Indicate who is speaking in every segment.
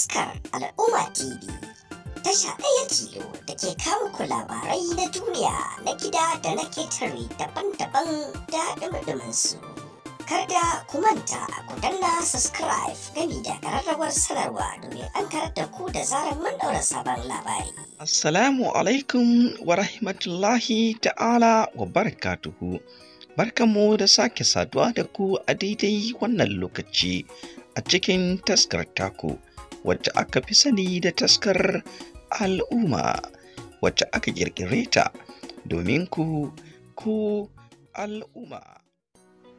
Speaker 1: taskar al'umma tv tasha ɗaya tilo da ke kawo ku labarai na duniya na gida da na ketare daban-daban da ɗumɗumin su kada ku manta ku danna subscribe gami da ƙararrawar sanarwa domin an karar da ku da zarar mun ɗaura sabon labari
Speaker 2: assalamu alaikum wa rahmatullahi ta'ala wa barakatuhu barkanmu da sake saduwa da ku a daidai wannan lokaci a cikin taskar taku wacce aka fi sani da taskar al'umma wacce aka ƙirƙire ta domin ku ku al'umma.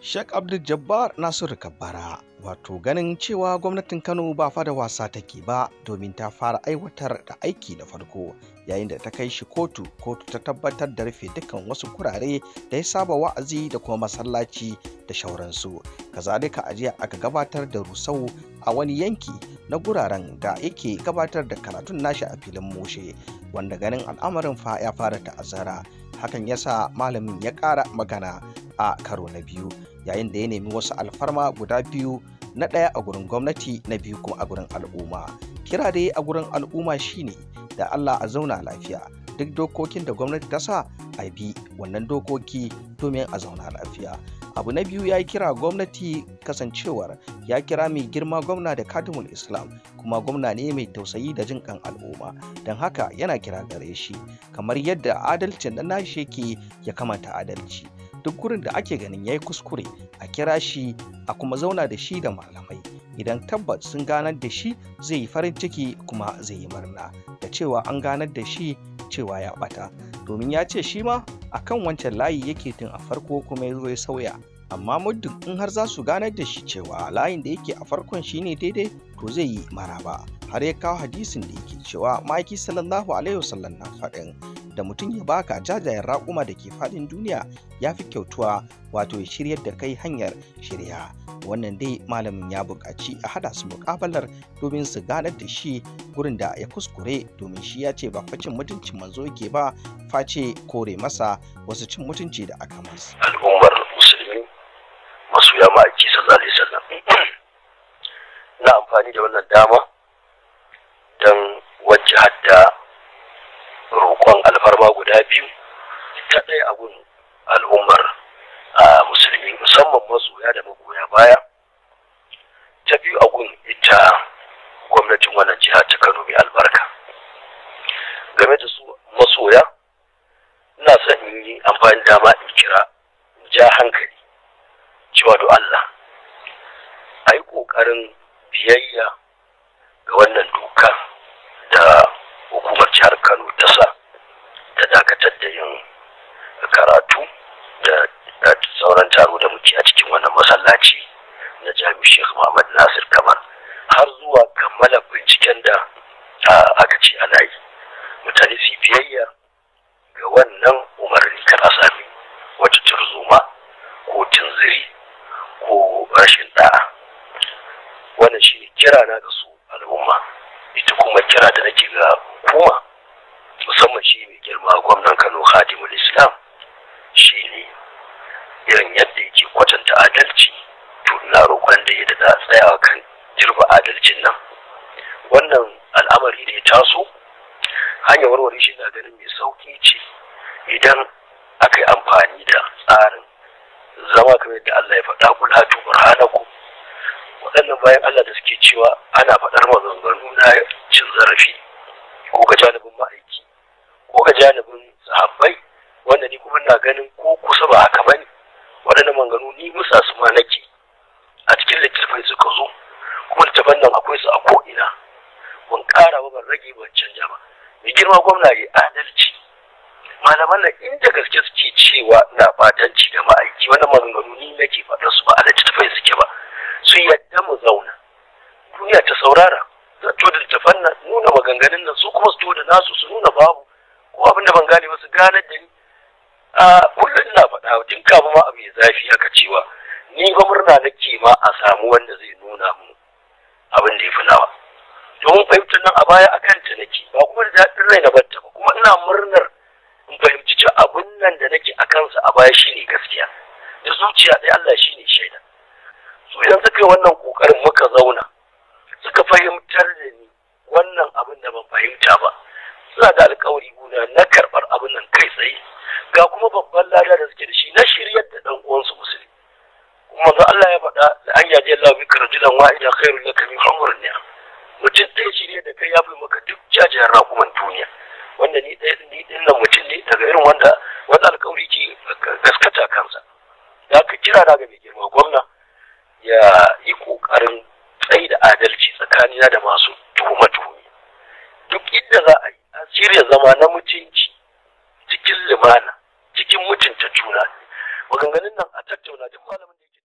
Speaker 2: Sheikh Abdul Jabbar Nasiru Kabbara wato ganin cewa gwamnatin Kano ba fa da wasa take ba domin ta fara aiwatar da aiki da farko yayin da ta kai shi kotu kotu ta tabbatar da rufe dukkan wasu kurare da ya saba wa'azi da kuma masallaci da shauransu kazalika a jiya aka gabatar da rusau a wani yanki na guraren da yake gabatar da karatun nashi a filin moshe wanda ganin al'amarin fa ya fara ta'azzara hakan ya sa malamin ya ƙara magana a karo na biyu yayin da ya nemi wasu alfarma guda biyu na ɗaya a gurin gwamnati na biyu kuma a gurin al'umma kira dai a gurin al'umma shine da allah a zauna lafiya duk dokokin da gwamnati ta sa a bi wannan dokoki domin a zauna lafiya abu na biyu ya yi kira gwamnati kasancewar ya kira mai girma gwamna da katimul islam kuma gwamna ne mai tausayi da jin kan al'umma don haka yana kira gare shi kamar yadda adalcin da nashi yake ya kamata adalci duk gurin da ake ganin ya yi kuskure a kira shi a kuma zauna da shi da malamai idan tabbat sun ganar da shi zai yi farin ciki kuma zai yi murna da cewa an ganar da shi cewa ya bata domin ya ce shi ma akan wancan layi yake tun a farko kuma ya zo ya sauya amma muddin in har za su ganar da shi cewa layin da yake a farkon shine daidai to zai yi maraba har ya kawo hadisin da yake cewa maki sallallahu alaihi wasallam na faɗin da mutum ya baka jajayen raƙuma da ke faɗin duniya ya fi kyautuwa wato ya shiryar da kai hanyar shirya wannan dai malamin ya buƙaci a hada su muƙabalar domin su ganar da shi gurin da ya kuskure domin shi ya ce ba facin mutuncin manzo yake ba face kore masa wasu cin mutunci da aka masa
Speaker 1: al'ummar ja ma'aiki sallallahu alaihi wasallam na amfani da wannan dama don wacce hadda roƙon alfarma guda biyu ta ɗaya abun al'ummar a musulmi musamman masoya da magoya baya ta biyu a gun ita gwamnatin wannan jiha ta kano mai albarka game da su masoya ina son in yi amfani dama in kira ja hankali cewa do Allah a yi ƙoƙarin biyayya ga wannan doka da hukumar jihar Kano ta sa ta dakatar da yin karatu da sauran taro da muke a cikin wannan masallaci na jami'u Sheikh Muhammad Nasir Kamar har zuwa kammala binciken da aka ce ana yi mutane su biyayya ga wannan umarni kana sami kira na ga su al'umma ita kuma kira da nake ga kuma musamman shi mai girma gwamnan Kano Khadimul Islam shi ne irin yadda yake kwatanta adalci to ina roƙon da ya a tsayawa kan girma adalcin nan wannan al'amari da ya taso hanyar warware shi na ganin mai sauƙi ce idan aka yi amfani da tsarin zama kamar yadda Allah ya faɗa kula tu burhanakum waɗannan bayan Allah da suke cewa ana faɗar maganganu na cin zarafi ko ga janibin ma'aiki ko ga janibin sahabbai wanda ni kuma na ganin ko kusa ba haka bane waɗannan maganganu ni musa su ma nake a cikin littattafai suka zo kuma littattafan nan akwai su a ko'ina ban ƙara ba ban rage ban canja ba mai girma gwamna ya adalci malaman nan inda gaske suke cewa na batanci da ma'aiki wannan maganganu ni nake faɗar su ba a littattafai suke ba duniya ta saurara zato da littafan nuna maganganun nan su kuma su da nasu su nuna babu ko abin da ban gane ba su gane da ni a kullum na faɗa tun kafin ma abu ya zafi haka cewa ni ba murna nake ma a samu wanda zai nuna mu abin da ya fi nawa domin fahimtar nan a baya a nake ba kuma da daɗin rai na banta ba kuma ina murnar in fahimci cewa abin nan da nake a kansa a baya shine gaskiya da zuciya ɗaya Allah shine shaida Su idan suka yi wannan ƙoƙarin muka zauna suka fahimtar da ni wannan abin da ban fahimta ba suna da alkawari guda na karɓar abin nan kai tsaye ga kuma babban lada da suke da shi na shiryar da ɗan uwansu musulmi kuma za Allah ya faɗa da an yaje Allah bi karajulan wa'ida khairul laka min humrin ni'am mutum ɗaya shirye da kai ya fi maka duk jajayen rakuman duniya wanda ni ɗaya ni ɗin nan mutum ne daga irin wanda wanda alkawari ke gaskata kansa da ka kira daga mai manya da masu tuhuma duk inda za a yi a zama na mutunci cikin limana cikin mutunta juna maganganun nan a tattauna duk malamin